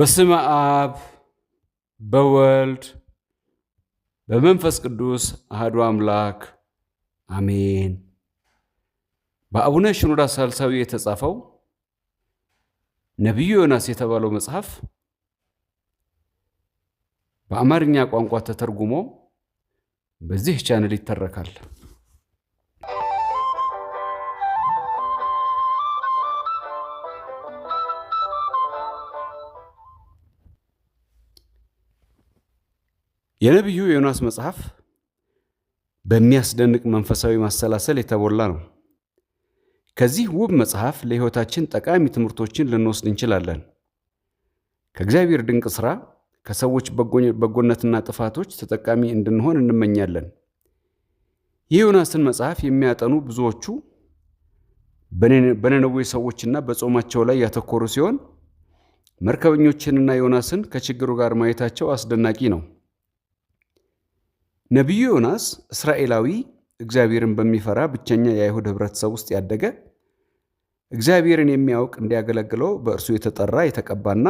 በስመ አብ በወልድ በመንፈስ ቅዱስ አህዱ አምላክ አሜን። በአቡነ ሽኖዳ ሳልሳዊ የተጻፈው ነቢዩ ዮናስ የተባለው መጽሐፍ በአማርኛ ቋንቋ ተተርጉሞ በዚህ ቻነል ይተረካል። የነቢዩ ዮናስ መጽሐፍ በሚያስደንቅ መንፈሳዊ ማሰላሰል የተሞላ ነው። ከዚህ ውብ መጽሐፍ ለሕይወታችን ጠቃሚ ትምህርቶችን ልንወስድ እንችላለን። ከእግዚአብሔር ድንቅ ሥራ፣ ከሰዎች በጎነትና ጥፋቶች ተጠቃሚ እንድንሆን እንመኛለን። የዮናስን መጽሐፍ የሚያጠኑ ብዙዎቹ በነነዌ ሰዎችና በጾማቸው ላይ ያተኮሩ ሲሆን መርከበኞችንና ዮናስን ከችግሩ ጋር ማየታቸው አስደናቂ ነው። ነቢዩ ዮናስ እስራኤላዊ እግዚአብሔርን በሚፈራ ብቸኛ የአይሁድ ህብረተሰብ ውስጥ ያደገ እግዚአብሔርን የሚያውቅ እንዲያገለግለው በእርሱ የተጠራ የተቀባና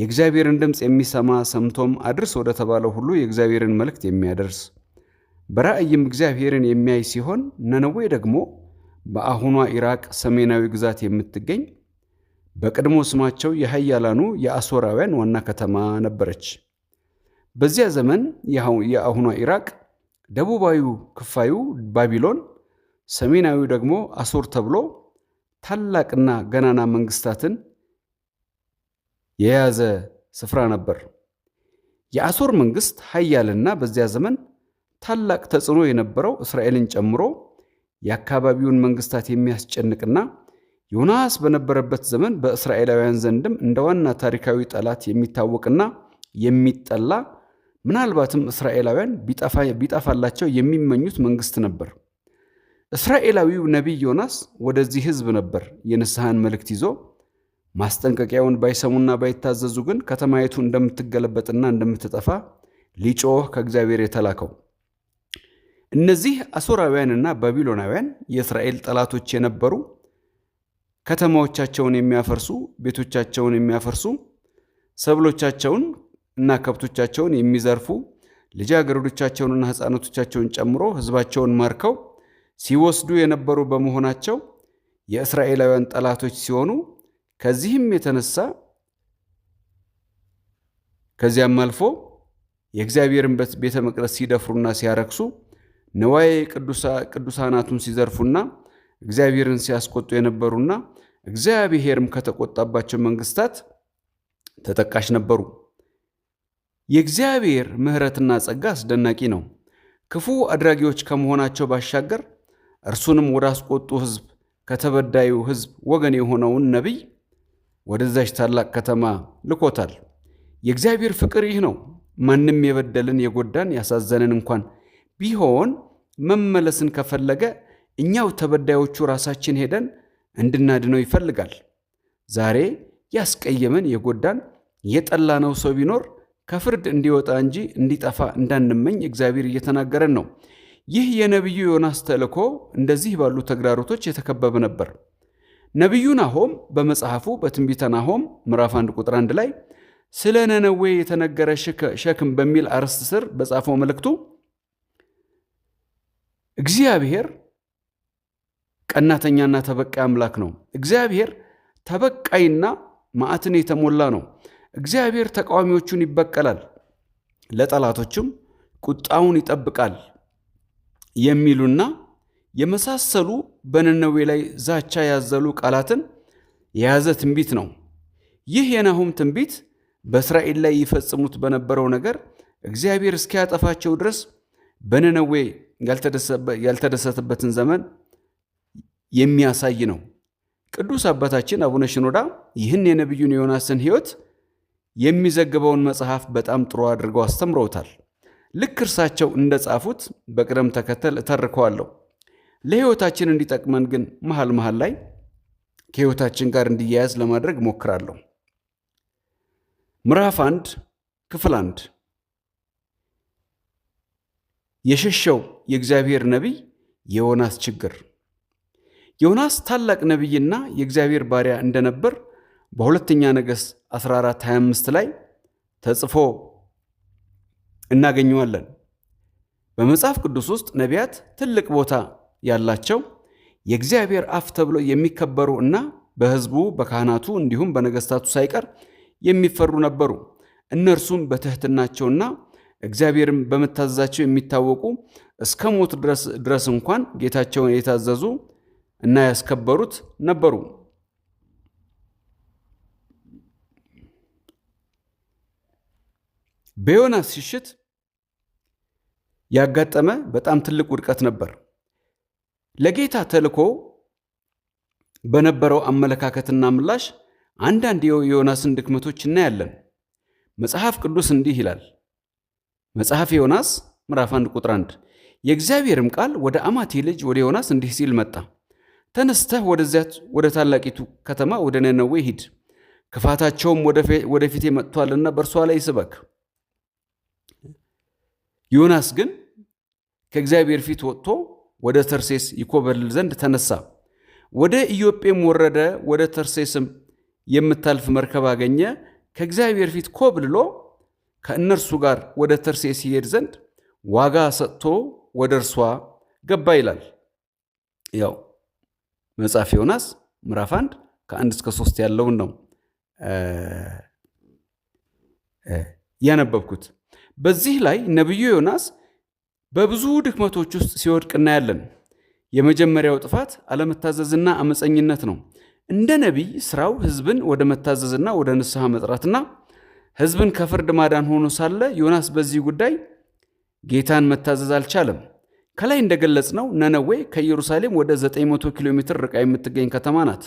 የእግዚአብሔርን ድምፅ የሚሰማ ሰምቶም አድርስ ወደ ተባለው ሁሉ የእግዚአብሔርን መልእክት የሚያደርስ በራእይም እግዚአብሔርን የሚያይ ሲሆን ነነዌ ደግሞ በአሁኗ ኢራቅ ሰሜናዊ ግዛት የምትገኝ በቀድሞ ስማቸው የሀያላኑ የአሶራውያን ዋና ከተማ ነበረች። በዚያ ዘመን የአሁኗ ኢራቅ ደቡባዊው ክፋዩ ባቢሎን፣ ሰሜናዊው ደግሞ አሶር ተብሎ ታላቅና ገናና መንግስታትን የያዘ ስፍራ ነበር። የአሶር መንግስት ሀያልና በዚያ ዘመን ታላቅ ተጽዕኖ የነበረው እስራኤልን ጨምሮ የአካባቢውን መንግስታት የሚያስጨንቅና ዮናስ በነበረበት ዘመን በእስራኤላውያን ዘንድም እንደ ዋና ታሪካዊ ጠላት የሚታወቅና የሚጠላ ምናልባትም እስራኤላውያን ቢጠፋላቸው የሚመኙት መንግስት ነበር። እስራኤላዊው ነቢይ ዮናስ ወደዚህ ህዝብ ነበር የንስሐን መልእክት ይዞ ማስጠንቀቂያውን ባይሰሙና ባይታዘዙ ግን ከተማይቱ እንደምትገለበጥና እንደምትጠፋ ሊጮህ ከእግዚአብሔር የተላከው። እነዚህ አሶራውያንና ባቢሎናውያን የእስራኤል ጠላቶች የነበሩ ከተማዎቻቸውን የሚያፈርሱ ቤቶቻቸውን የሚያፈርሱ ሰብሎቻቸውን እና ከብቶቻቸውን የሚዘርፉ ልጃገረዶቻቸውንና ሕፃናቶቻቸውን ጨምሮ ሕዝባቸውን ማርከው ሲወስዱ የነበሩ በመሆናቸው የእስራኤላውያን ጠላቶች ሲሆኑ ከዚህም የተነሳ ከዚያም አልፎ የእግዚአብሔርን ቤተ መቅደስ ሲደፍሩና ሲያረክሱ ንዋየ ቅዱሳናቱን ሲዘርፉና እግዚአብሔርን ሲያስቆጡ የነበሩና እግዚአብሔርም ከተቆጣባቸው መንግስታት ተጠቃሽ ነበሩ። የእግዚአብሔር ምሕረትና ጸጋ አስደናቂ ነው። ክፉ አድራጊዎች ከመሆናቸው ባሻገር እርሱንም ወደ አስቆጡ ሕዝብ ከተበዳዩ ሕዝብ ወገን የሆነውን ነቢይ ወደዛች ታላቅ ከተማ ልኮታል። የእግዚአብሔር ፍቅር ይህ ነው። ማንም የበደልን የጎዳን ያሳዘንን እንኳን ቢሆን መመለስን ከፈለገ እኛው ተበዳዮቹ ራሳችን ሄደን እንድናድነው ይፈልጋል። ዛሬ ያስቀየመን የጎዳን የጠላነው ሰው ቢኖር ከፍርድ እንዲወጣ እንጂ እንዲጠፋ እንዳንመኝ እግዚአብሔር እየተናገረን ነው። ይህ የነቢዩ ዮናስ ተልእኮ እንደዚህ ባሉ ተግዳሮቶች የተከበበ ነበር። ነቢዩ ናሆም በመጽሐፉ በትንቢተ ናሆም ምዕራፍ 1 ቁጥር 1 ላይ ስለ ነነዌ የተነገረ ሸክም በሚል አርዕስት ስር በጻፈው መልእክቱ እግዚአብሔር ቀናተኛና ተበቃይ አምላክ ነው። እግዚአብሔር ተበቃይና ማዕትን የተሞላ ነው። እግዚአብሔር ተቃዋሚዎቹን ይበቀላል፣ ለጠላቶችም ቁጣውን ይጠብቃል የሚሉና የመሳሰሉ በነነዌ ላይ ዛቻ ያዘሉ ቃላትን የያዘ ትንቢት ነው። ይህ የናሁም ትንቢት በእስራኤል ላይ ይፈጽሙት በነበረው ነገር እግዚአብሔር እስኪያጠፋቸው ድረስ በነነዌ ያልተደሰተበትን ዘመን የሚያሳይ ነው። ቅዱስ አባታችን አቡነ ሽኖዳ ይህን የነቢዩን ዮናስን ሕይወት የሚዘግበውን መጽሐፍ በጣም ጥሩ አድርገው አስተምረውታል። ልክ እርሳቸው እንደ ጻፉት በቅደም ተከተል እተርከዋለሁ። ለሕይወታችን እንዲጠቅመን ግን መሃል መሃል ላይ ከሕይወታችን ጋር እንዲያያዝ ለማድረግ እሞክራለሁ። ምዕራፍ አንድ ክፍል አንድ የሸሸው የእግዚአብሔር ነቢይ የዮናስ ችግር። ዮናስ ታላቅ ነቢይና የእግዚአብሔር ባሪያ እንደነበር በሁለተኛ ነገሥት 14 25 ላይ ተጽፎ እናገኘዋለን። በመጽሐፍ ቅዱስ ውስጥ ነቢያት ትልቅ ቦታ ያላቸው የእግዚአብሔር አፍ ተብለው የሚከበሩ እና በሕዝቡ በካህናቱ እንዲሁም በነገሥታቱ ሳይቀር የሚፈሩ ነበሩ። እነርሱም በትሕትናቸውና እግዚአብሔርን በመታዘዛቸው የሚታወቁ እስከ ሞት ድረስ እንኳን ጌታቸውን የታዘዙ እና ያስከበሩት ነበሩ። በዮናስ ሽሽት ያጋጠመ በጣም ትልቅ ውድቀት ነበር። ለጌታ ተልኮ በነበረው አመለካከትና ምላሽ አንዳንድ የዮናስን ድክመቶች እናያለን። መጽሐፍ ቅዱስ እንዲህ ይላል። መጽሐፍ ዮናስ ምዕራፍ 1 ቁጥር 1 የእግዚአብሔርም ቃል ወደ አማቴ ልጅ ወደ ዮናስ እንዲህ ሲል መጣ። ተነስተህ ወደዚያት ወደ ታላቂቱ ከተማ ወደ ነነዌ ሂድ፣ ክፋታቸውም ወደፊት መጥቷልና በእርሷ ላይ ስበክ ዮናስ ግን ከእግዚአብሔር ፊት ወጥቶ ወደ ተርሴስ ይኮበልል ዘንድ ተነሳ። ወደ ኢዮጴም ወረደ። ወደ ተርሴስም የምታልፍ መርከብ አገኘ። ከእግዚአብሔር ፊት ኮብልሎ ከእነርሱ ጋር ወደ ተርሴስ ይሄድ ዘንድ ዋጋ ሰጥቶ ወደ እርሷ ገባ ይላል። ያው መጽሐፍ ዮናስ ምዕራፍ አንድ ከአንድ እስከ ሶስት ያለውን ነው ያነበብኩት። በዚህ ላይ ነቢዩ ዮናስ በብዙ ድክመቶች ውስጥ ሲወድቅ እናያለን። የመጀመሪያው ጥፋት አለመታዘዝና አመፀኝነት ነው። እንደ ነቢይ ስራው ህዝብን ወደ መታዘዝና ወደ ንስሐ መጥራትና ህዝብን ከፍርድ ማዳን ሆኖ ሳለ ዮናስ በዚህ ጉዳይ ጌታን መታዘዝ አልቻለም። ከላይ እንደገለጽነው ነነዌ ከኢየሩሳሌም ወደ 900 ኪሎ ሜትር ርቃ የምትገኝ ከተማ ናት።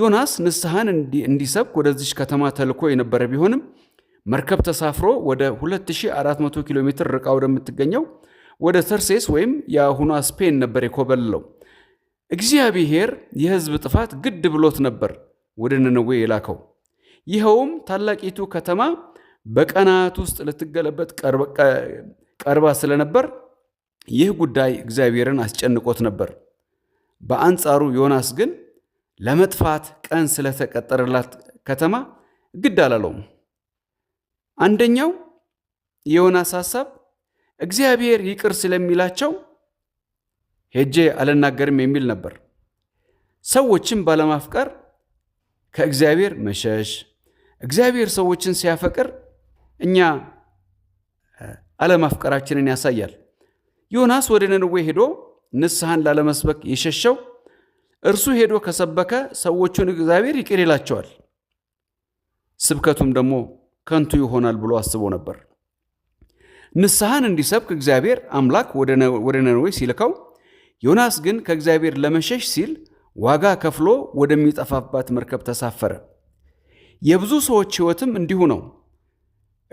ዮናስ ንስሐን እንዲሰብክ ወደዚች ከተማ ተልኮ የነበረ ቢሆንም መርከብ ተሳፍሮ ወደ 2400 ኪሎ ሜትር ርቃ ወደምትገኘው ወደ ተርሴስ ወይም የአሁኗ ስፔን ነበር የኮበልለው። እግዚአብሔር የሕዝብ ጥፋት ግድ ብሎት ነበር ወደ ነነዌ የላከው። ይኸውም ታላቂቱ ከተማ በቀናት ውስጥ ልትገለበት ቀርባ ስለነበር ይህ ጉዳይ እግዚአብሔርን አስጨንቆት ነበር። በአንጻሩ ዮናስ ግን ለመጥፋት ቀን ስለተቀጠረላት ከተማ ግድ አላለውም። አንደኛው የዮናስ ሐሳብ እግዚአብሔር ይቅር ስለሚላቸው ሄጄ አልናገርም የሚል ነበር። ሰዎችን ባለማፍቀር ከእግዚአብሔር መሸሽ፣ እግዚአብሔር ሰዎችን ሲያፈቅር እኛ አለማፍቀራችንን ያሳያል። ዮናስ ወደ ነነዌ ሄዶ ንስሐን ላለመስበክ የሸሸው እርሱ ሄዶ ከሰበከ ሰዎቹን እግዚአብሔር ይቅር ይላቸዋል። ስብከቱም ደግሞ ከንቱ ይሆናል ብሎ አስቦ ነበር። ንስሐን እንዲሰብክ እግዚአብሔር አምላክ ወደ ነነዌ ሲልከው፣ ዮናስ ግን ከእግዚአብሔር ለመሸሽ ሲል ዋጋ ከፍሎ ወደሚጠፋባት መርከብ ተሳፈረ። የብዙ ሰዎች ሕይወትም እንዲሁ ነው።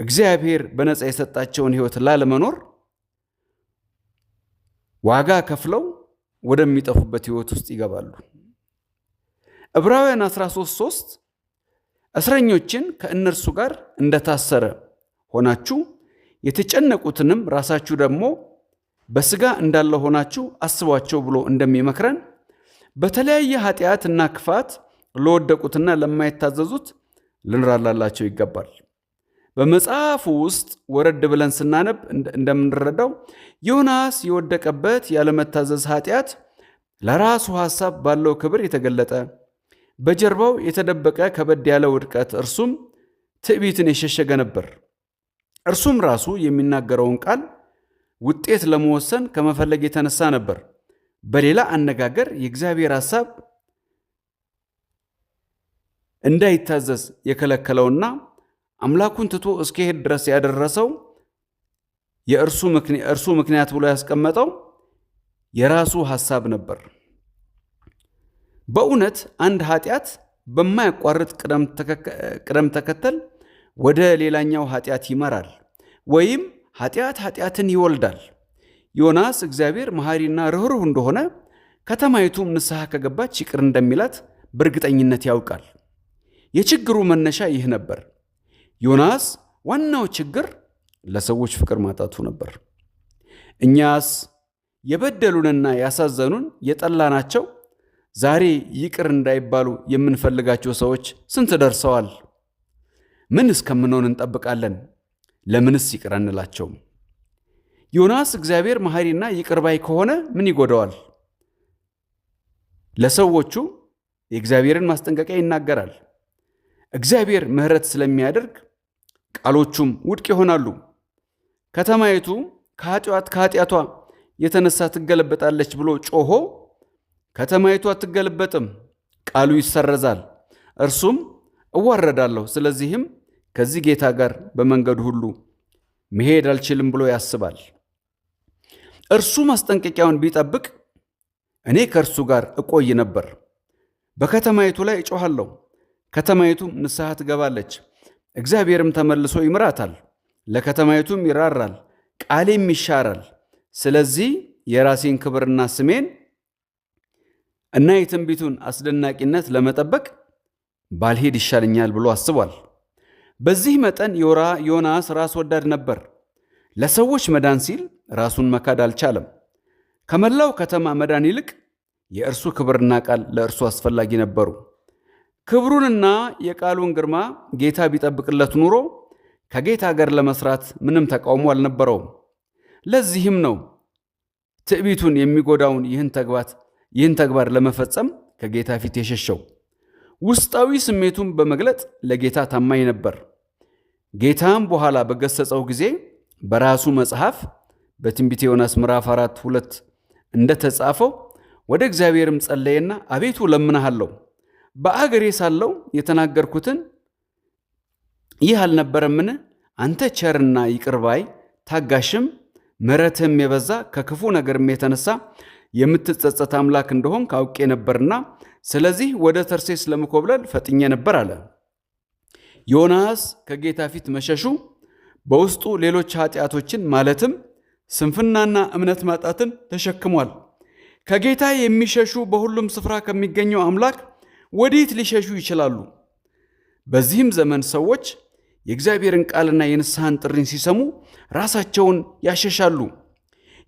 እግዚአብሔር በነፃ የሰጣቸውን ሕይወት ላለመኖር ዋጋ ከፍለው ወደሚጠፉበት ሕይወት ውስጥ ይገባሉ። ዕብራውያን 13 3 እስረኞችን ከእነርሱ ጋር እንደታሰረ ሆናችሁ የተጨነቁትንም ራሳችሁ ደግሞ በሥጋ እንዳለ ሆናችሁ አስቧቸው ብሎ እንደሚመክረን በተለያየ ኃጢአት እና ክፋት ለወደቁትና ለማይታዘዙት ልንራላላቸው ይገባል። በመጽሐፉ ውስጥ ወረድ ብለን ስናነብ እንደምንረዳው ዮናስ የወደቀበት ያለመታዘዝ ኃጢአት ለራሱ ሐሳብ ባለው ክብር የተገለጠ በጀርባው የተደበቀ ከበድ ያለ ውድቀት እርሱም ትዕቢትን የሸሸገ ነበር። እርሱም ራሱ የሚናገረውን ቃል ውጤት ለመወሰን ከመፈለግ የተነሳ ነበር። በሌላ አነጋገር የእግዚአብሔር ሐሳብ እንዳይታዘዝ የከለከለውና አምላኩን ትቶ እስከሄድ ድረስ ያደረሰው የእርሱ ምክንያት ብሎ ያስቀመጠው የራሱ ሐሳብ ነበር። በእውነት አንድ ኃጢአት በማያቋርጥ ቅደም ተከተል ወደ ሌላኛው ኃጢአት ይመራል፣ ወይም ኃጢአት ኃጢአትን ይወልዳል። ዮናስ እግዚአብሔር መሐሪና ርኅሩህ እንደሆነ ከተማይቱም ንስሐ ከገባች ይቅር እንደሚላት በእርግጠኝነት ያውቃል። የችግሩ መነሻ ይህ ነበር። ዮናስ ዋናው ችግር ለሰዎች ፍቅር ማጣቱ ነበር። እኛስ የበደሉንና ያሳዘኑን የጠላናቸው ዛሬ ይቅር እንዳይባሉ የምንፈልጋቸው ሰዎች ስንት ደርሰዋል? ምን እስከምንሆን እንጠብቃለን? ለምንስ ይቅር አንላቸውም? ዮናስ እግዚአብሔር መሐሪና ይቅር ባይ ከሆነ ምን ይጎደዋል? ለሰዎቹ የእግዚአብሔርን ማስጠንቀቂያ ይናገራል። እግዚአብሔር ምሕረት ስለሚያደርግ ቃሎቹም ውድቅ ይሆናሉ። ከተማይቱ ከኃጢአቷ የተነሳ ትገለበጣለች ብሎ ጮሆ ከተማይቱ አትገለበጥም፣ ቃሉ ይሰረዛል፣ እርሱም እዋረዳለሁ፣ ስለዚህም ከዚህ ጌታ ጋር በመንገዱ ሁሉ መሄድ አልችልም ብሎ ያስባል። እርሱ ማስጠንቀቂያውን ቢጠብቅ እኔ ከእርሱ ጋር እቆይ ነበር። በከተማይቱ ላይ እጮኋለሁ፣ ከተማይቱም ንስሐ ትገባለች፣ እግዚአብሔርም ተመልሶ ይምራታል፣ ለከተማይቱም ይራራል፣ ቃሌም ይሻራል። ስለዚህ የራሴን ክብርና ስሜን እና የትንቢቱን አስደናቂነት ለመጠበቅ ባልሄድ ይሻለኛል ብሎ አስቧል። በዚህ መጠን ዮናስ ራስ ወዳድ ነበር። ለሰዎች መዳን ሲል ራሱን መካድ አልቻለም። ከመላው ከተማ መዳን ይልቅ የእርሱ ክብርና ቃል ለእርሱ አስፈላጊ ነበሩ። ክብሩንና የቃሉን ግርማ ጌታ ቢጠብቅለት ኑሮ ከጌታ ጋር ለመስራት ምንም ተቃውሞ አልነበረውም። ለዚህም ነው ትዕቢቱን የሚጎዳውን ይህን ተግባት ይህን ተግባር ለመፈጸም ከጌታ ፊት የሸሸው። ውስጣዊ ስሜቱን በመግለጥ ለጌታ ታማኝ ነበር። ጌታም በኋላ በገሰጸው ጊዜ በራሱ መጽሐፍ በትንቢት ዮናስ ምዕራፍ አራት ሁለት እንደተጻፈው ወደ እግዚአብሔርም ጸለየና አቤቱ ለምንሃለሁ፣ በአገሬ ሳለው የተናገርኩትን ይህ አልነበረምን? አንተ ቸርና ይቅርባይ ታጋሽም ምሕረትህም የበዛ ከክፉ ነገርም የተነሳ የምትጸጸት አምላክ እንደሆን ካውቄ ነበርና ስለዚህ ወደ ተርሴስ ለመኮብለል ፈጥኜ ነበር አለ። ዮናስ ከጌታ ፊት መሸሹ በውስጡ ሌሎች ኃጢአቶችን ማለትም ስንፍናና እምነት ማጣትን ተሸክሟል። ከጌታ የሚሸሹ በሁሉም ስፍራ ከሚገኘው አምላክ ወዴት ሊሸሹ ይችላሉ? በዚህም ዘመን ሰዎች የእግዚአብሔርን ቃልና የንስሐን ጥሪን ሲሰሙ ራሳቸውን ያሸሻሉ።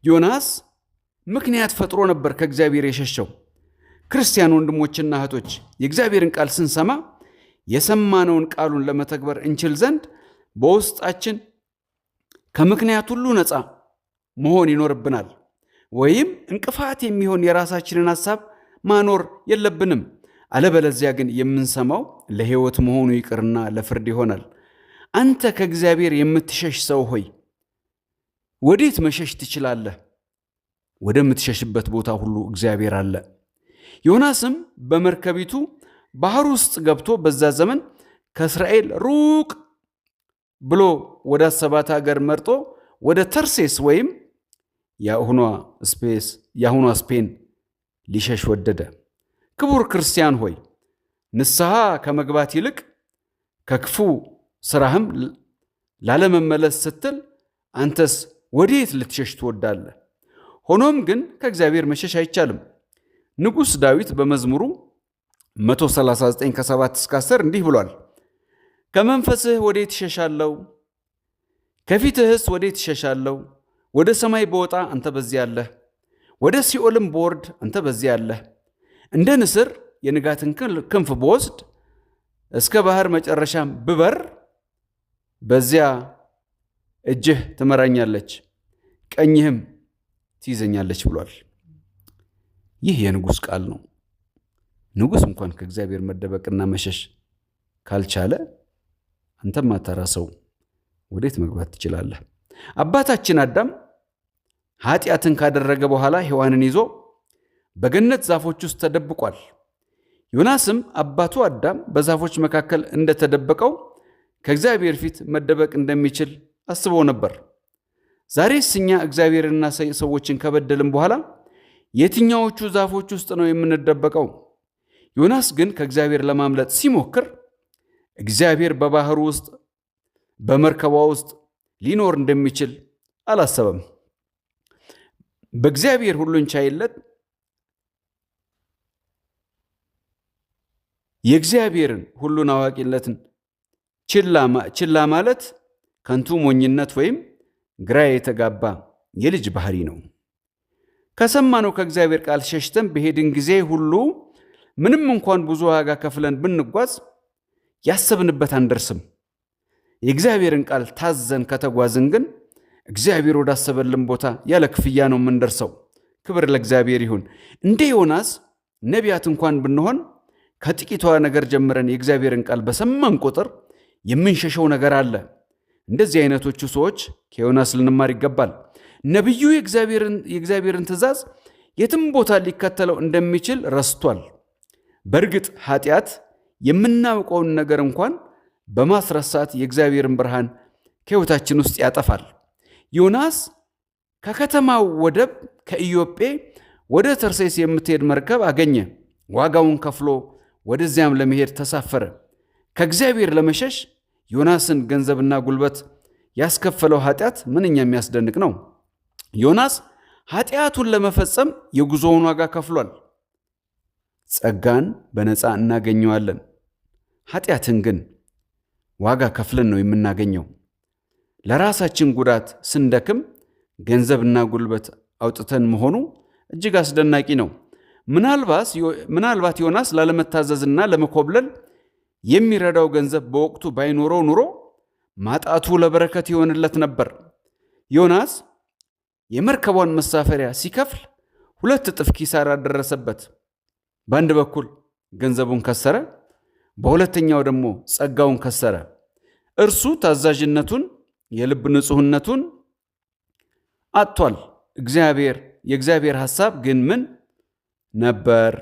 ዮናስ ምክንያት ፈጥሮ ነበር ከእግዚአብሔር የሸሸው። ክርስቲያን ወንድሞችና እህቶች የእግዚአብሔርን ቃል ስንሰማ የሰማነውን ቃሉን ለመተግበር እንችል ዘንድ በውስጣችን ከምክንያት ሁሉ ነፃ መሆን ይኖርብናል። ወይም እንቅፋት የሚሆን የራሳችንን ሐሳብ ማኖር የለብንም። አለበለዚያ ግን የምንሰማው ለሕይወት መሆኑ ይቅርና ለፍርድ ይሆናል። አንተ ከእግዚአብሔር የምትሸሽ ሰው ሆይ ወዴት መሸሽ ትችላለህ? ወደምትሸሽበት ቦታ ሁሉ እግዚአብሔር አለ። ዮናስም በመርከቢቱ ባህር ውስጥ ገብቶ በዛ ዘመን ከእስራኤል ሩቅ ብሎ ወደ ሰባት ሀገር መርጦ ወደ ተርሴስ ወይም የአሁኗ ስፔን ሊሸሽ ወደደ። ክቡር ክርስቲያን ሆይ ንስሐ ከመግባት ይልቅ ከክፉ ስራህም ላለመመለስ ስትል አንተስ ወዴት ልትሸሽ ትወዳለህ? ሆኖም ግን ከእግዚአብሔር መሸሽ አይቻልም። ንጉሥ ዳዊት በመዝሙሩ 139 እስከ 10 እንዲህ ብሏል። ከመንፈስህ ወዴት እሸሻለሁ? ከፊትህስ ወዴት እሸሻለሁ? ወደ ሰማይ በወጣ አንተ በዚያ አለህ፣ ወደ ሲኦልም በወርድ አንተ በዚያ አለህ። እንደ ንስር የንጋትን ክንፍ በወስድ እስከ ባህር መጨረሻም ብበር በዚያ እጅህ ትመራኛለች፣ ቀኝህም ትይዘኛለች ብሏል። ይህ የንጉሥ ቃል ነው። ንጉሥ እንኳን ከእግዚአብሔር መደበቅና መሸሽ ካልቻለ አንተም ማታራ ሰው ወዴት መግባት ትችላለህ? አባታችን አዳም ኃጢአትን ካደረገ በኋላ ሔዋንን ይዞ በገነት ዛፎች ውስጥ ተደብቋል። ዮናስም አባቱ አዳም በዛፎች መካከል እንደተደበቀው ከእግዚአብሔር ፊት መደበቅ እንደሚችል አስቦ ነበር። ዛሬስ እኛ እግዚአብሔርና ሰዎችን ከበደልም በኋላ የትኛዎቹ ዛፎች ውስጥ ነው የምንደበቀው? ዮናስ ግን ከእግዚአብሔር ለማምለጥ ሲሞክር እግዚአብሔር በባህር ውስጥ በመርከቧ ውስጥ ሊኖር እንደሚችል አላሰበም። በእግዚአብሔር ሁሉን ቻይለት የእግዚአብሔርን ሁሉን አዋቂነትን ችላ ማለት ከንቱ ሞኝነት ወይም ግራ የተጋባ የልጅ ባህሪ ነው። ከሰማነው ከእግዚአብሔር ቃል ሸሽተን በሄድን ጊዜ ሁሉ ምንም እንኳን ብዙ ዋጋ ከፍለን ብንጓዝ ያሰብንበት አንደርስም። የእግዚአብሔርን ቃል ታዘን ከተጓዝን ግን እግዚአብሔር ወዳሰበልን ቦታ ያለ ክፍያ ነው የምንደርሰው። ክብር ለእግዚአብሔር ይሁን። እንደ ዮናስ ነቢያት እንኳን ብንሆን ከጥቂቷ ነገር ጀምረን የእግዚአብሔርን ቃል በሰማን ቁጥር የምንሸሸው ነገር አለ። እንደዚህ አይነቶቹ ሰዎች ከዮናስ ልንማር ይገባል። ነቢዩ የእግዚአብሔርን ትእዛዝ የትም ቦታ ሊከተለው እንደሚችል ረስቷል። በእርግጥ ኃጢአት የምናውቀውን ነገር እንኳን በማስረሳት የእግዚአብሔርን ብርሃን ከሕይወታችን ውስጥ ያጠፋል። ዮናስ ከከተማው ወደብ ከኢዮጴ ወደ ተርሴስ የምትሄድ መርከብ አገኘ። ዋጋውን ከፍሎ ወደዚያም ለመሄድ ተሳፈረ። ከእግዚአብሔር ለመሸሽ ዮናስን ገንዘብና ጉልበት ያስከፈለው ኃጢአት ምንኛ የሚያስደንቅ ነው። ዮናስ ኃጢአቱን ለመፈጸም የጉዞውን ዋጋ ከፍሏል። ጸጋን በነፃ እናገኘዋለን። ኃጢአትን ግን ዋጋ ከፍለን ነው የምናገኘው። ለራሳችን ጉዳት ስንደክም ገንዘብና ጉልበት አውጥተን መሆኑ እጅግ አስደናቂ ነው። ምናልባት ዮናስ ላለመታዘዝና ለመኮብለል የሚረዳው ገንዘብ በወቅቱ ባይኖረው ኑሮ ማጣቱ ለበረከት ይሆንለት ነበር። ዮናስ የመርከቧን መሳፈሪያ ሲከፍል ሁለት እጥፍ ኪሳራ ደረሰበት። በአንድ በኩል ገንዘቡን ከሰረ፣ በሁለተኛው ደግሞ ጸጋውን ከሰረ። እርሱ ታዛዥነቱን፣ የልብ ንጹሕነቱን አጥቷል። እግዚአብሔር የእግዚአብሔር ሐሳብ ግን ምን ነበር?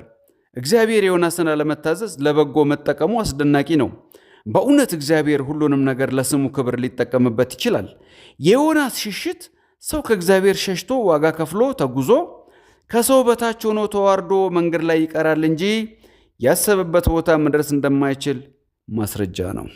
እግዚአብሔር ዮናስን አለመታዘዝ ለበጎ መጠቀሙ አስደናቂ ነው። በእውነት እግዚአብሔር ሁሉንም ነገር ለስሙ ክብር ሊጠቀምበት ይችላል። የዮናስ ሽሽት ሰው ከእግዚአብሔር ሸሽቶ ዋጋ ከፍሎ ተጉዞ ከሰው በታች ሆኖ ተዋርዶ መንገድ ላይ ይቀራል እንጂ ያሰበበት ቦታ መድረስ እንደማይችል ማስረጃ ነው።